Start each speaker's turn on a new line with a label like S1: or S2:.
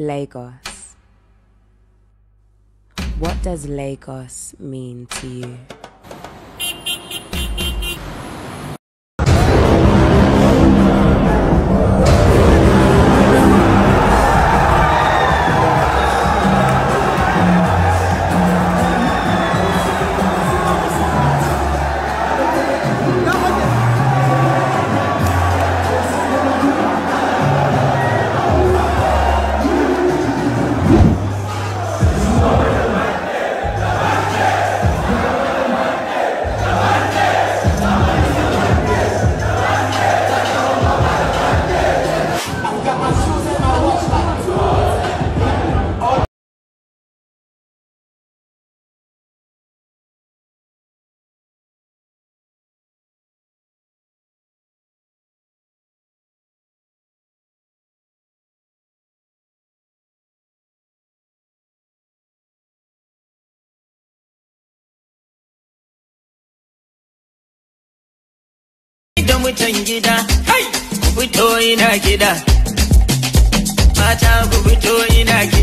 S1: Lagos. What does Lagos mean to you?
S2: mutan gida ku fito ina gida mata ku fito ina gida